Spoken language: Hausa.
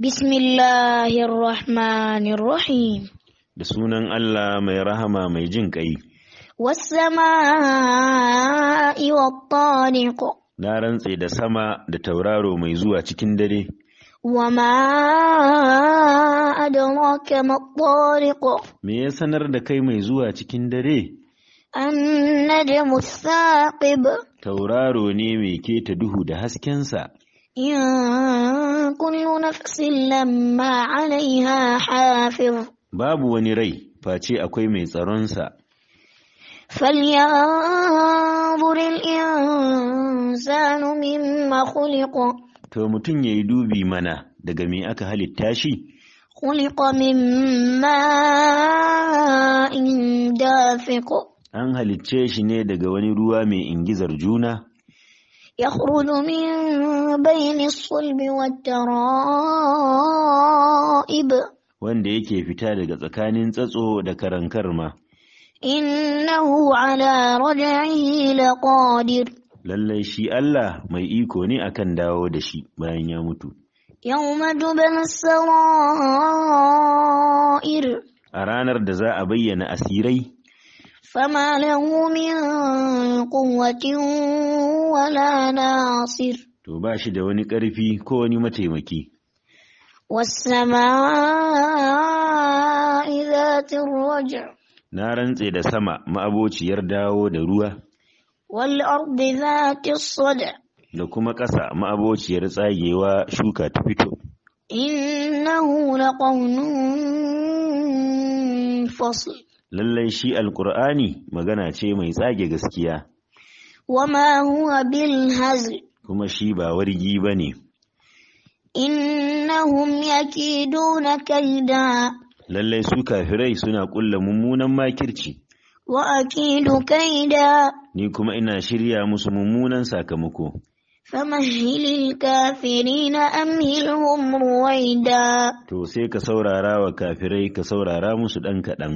Bismillahir rahmanir rahim. Da sunan Allah mai rahama mai jin ƙai. Wassama'i wa Na rantse da sama da tauraro mai zuwa cikin dare. Wa ma adraka ma Me ya sanar da kai mai zuwa cikin dare? An An-najmu saqib. Tauraro ne mai keta duhu da haskensa. kullu nafsin lamma alaiha babu wani rai face akwai mai tsaronsa فلينظر الإنسان مما خلق to mutum ya yi dubi mana daga me aka halitta shi khuliqa min in dafiq an halicce shi ne daga wani ruwa mai ingizar juna يخرج من بين الصلب والترائب wanda yake fita daga tsakanin tsatso da karankar ma Innahu ala raj'ihi laqadir Lallai shi Allah mai iko ne akan dawo da shi bayan ya mutu. Yawma tubal sarair A ranar da za a bayyana asirai فما له من قوة ولا ناصر تباش دوني كرفي كوني متيمكي والسماء ذات الرجع نارن تيدا سما ما أبوش يرداو دروا والأرض ذات الصدع لكما كسا ما أبوش يرساي وشوكا تفتو إنه لقون فصل lallai shi alkur'ani magana ce mai tsage gaskiya wama huwa bil hazl kuma shi ba wargi bane innahum yakiduna kaida lallai su kafirai suna ƙulla mummunan makirci wa akidu kaida ni kuma ina shirya musu mummunan sakamako famahilil kafirina amhilhum ruwaida to sai ka saurara wa kafirai ka saurara musu ɗan kaɗan